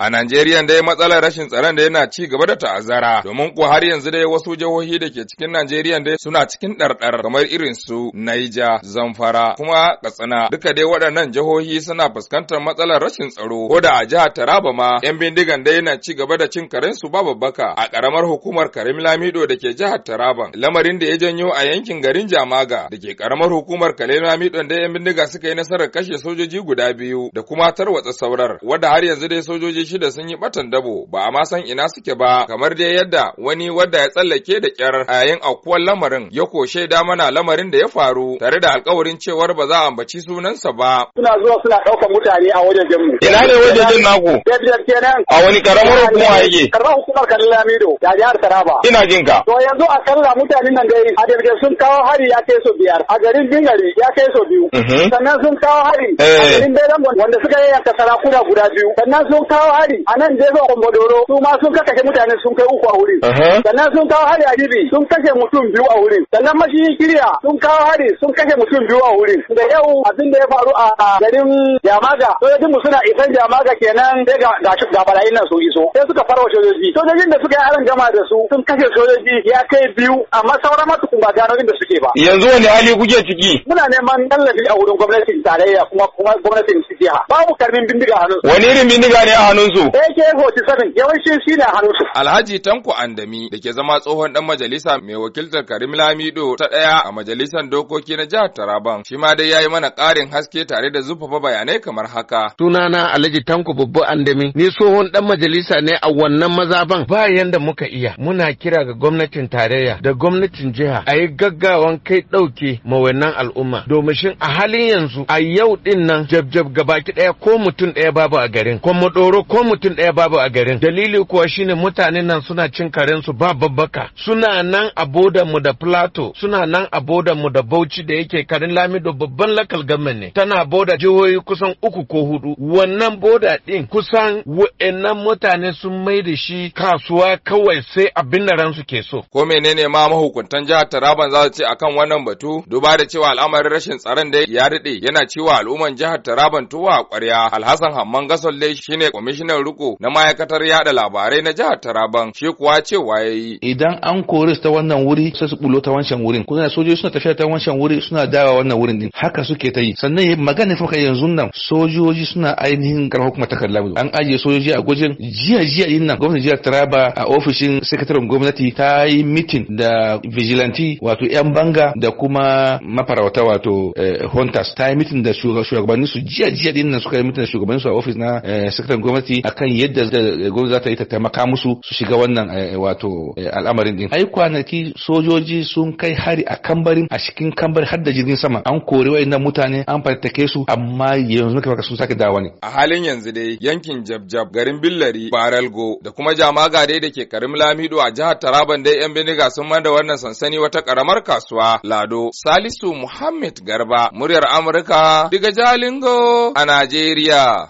A Najeriya dai matsalar rashin tsaron da yana ci gaba da ta'azzara domin ko har yanzu dai wasu jihohi da ke cikin Najeriya dai suna cikin ɗarɗar kamar irin su Naija, Zamfara, kuma Katsina. Duka dai waɗannan jihohi suna fuskantar matsalar rashin tsaro. Ko da a jihar Taraba ma 'yan bindigan dai yana ci gaba da cin karen su ba babbaka a ƙaramar hukumar Karim Lamido da ke jihar Taraba. Lamarin da ya janyo a yankin garin Jamaga da ke ƙaramar hukumar Karim Lamido da 'yan bindiga suka yi nasarar kashe sojoji guda biyu da kuma tarwatsa saurar. Wadda har yanzu dai sojoji shida sun yi batan dabo ba a ma san ina suke ba kamar dai yadda wani wadda ya tsallake da kyar a yayin aukuwar lamarin ya ko shaida mana lamarin da ya faru tare da alkawarin cewar ba za a ambaci sunansa ba. Suna zuwa suna ɗaukar mutane a wajen jinmu. Ina ne wajen jin naku? A wani karamar hukuma yake? Karamar hukumar Kalila Mido da jihar Taraba. Ina jin ka. To yanzu a kalla mutanen nan dai a daga sun kawo hari ya kai so biyar a garin Bingari ya kai so biyu. Mhm. Sannan sun kawo hari a eh. garin Belamon wanda suka yayyanka sarakuna guda biyu. Sannan sun kawo hari a nan dai zuwa Kwambodoro su ma sun kakkashe mutane sun kai uku a wurin. Sannan sun kawo hari a Gibi sun kashe mutum biyu a wurin. Sannan mashiyin Kiriya sun kawo hari sun kashe mutum biyu a wurin. Da yau abin da ya faru a garin Jamaga sojojin mu suna isan Jamaga kenan sai ga ga barayin nan su iso. Sai suka farwa sojoji. Sojojin da suka yi aron gama da su sun kashe sojoji ya kai biyu amma sauran ma tukun ba gano da suke ba. Yanzu wani hali kuke ciki? Muna neman tallafi a wurin gwamnatin tarayya kuma kuma gwamnatin jiha. Babu karmin bindiga a hannun. Wani irin bindiga ne a hannun Eke AK-47 yawanci shi ne su. Alhaji Tanko Andami da ke zama tsohon ɗan majalisa mai wakiltar Karim Lamido ta ɗaya a majalisar dokoki na jihar Taraban. Shi ma dai ya yi mana ƙarin haske tare da zufafa bayanai kamar haka. Sunana Alhaji Tanko Babba Andami ni tsohon ɗan majalisa ne a wannan maza ban. ba yanda muka iya. Muna kira ga gwamnatin tarayya da gwamnatin jiha a yi gaggawan kai ɗauke ma wannan al'umma. Domin a halin yanzu a yau ɗin nan jabjab gabaki ɗaya ko mutum ɗaya babu a garin. Kuma ɗoro ko ko mutum ɗaya babu a garin dalili kuwa shine mutanen nan suna cin karen su ba babbaka suna nan a mu da plato suna nan a bodan mu da bauchi da yake karin lamido babban lakal gamman ne tana boda jihohi kusan uku ko hudu wannan boda din kusan wa'annan mutane sun mai da shi kasuwa kawai sai abin da ransu ke so ko menene ma mahukuntan jihar Taraban za su ce akan wannan batu duba da cewa al'amarin rashin tsaron da ya daɗe yana cewa al'umman jihar Taraban tuwa a ƙwarya Alhassan Hamman Gasolle shine kwamishinan wannan riko na ma'aikatar yada labarai na jihar Taraban shi kuwa cewa yayi idan an kore ta wannan wuri sai su bulo ta wancan wurin kuma sojoji suna tafiya ta wancan wuri suna dawa wannan wurin din haka suke ta yi sannan magana fa kai yanzu nan sojoji suna ainihin karfa ta takarda an ajiye sojoji a gojin jiya jiya din nan gwamnatin jihar Taraba a ofishin sakataren gwamnati ta yi mitin da vigilante wato yan banga da kuma mafarauta wato eh, hunters ta yi mitin da shugabannin su jiya jiya din nan suka yi mitin da shugabannin su a ofis na eh, sakataren gwamnati gwamnati akan yadda gwamnati za ta yi ta taimaka musu su shiga wannan eh, wato eh, al'amarin din ai kwanaki sojoji sun kai hari a kambarin a cikin kambar har da jirgin sama an kori wayannan mutane an fattake su amma yanzu kafa sun sake dawa ne a halin yanzu dai yankin jabjab garin billari baralgo da kuma jama'a gare da ke karim lamido a jihar taraban dai yan biniga sun manda wannan sansani wata karamar kasuwa lado salisu muhammad garba muryar amurka diga jalingo a najeriya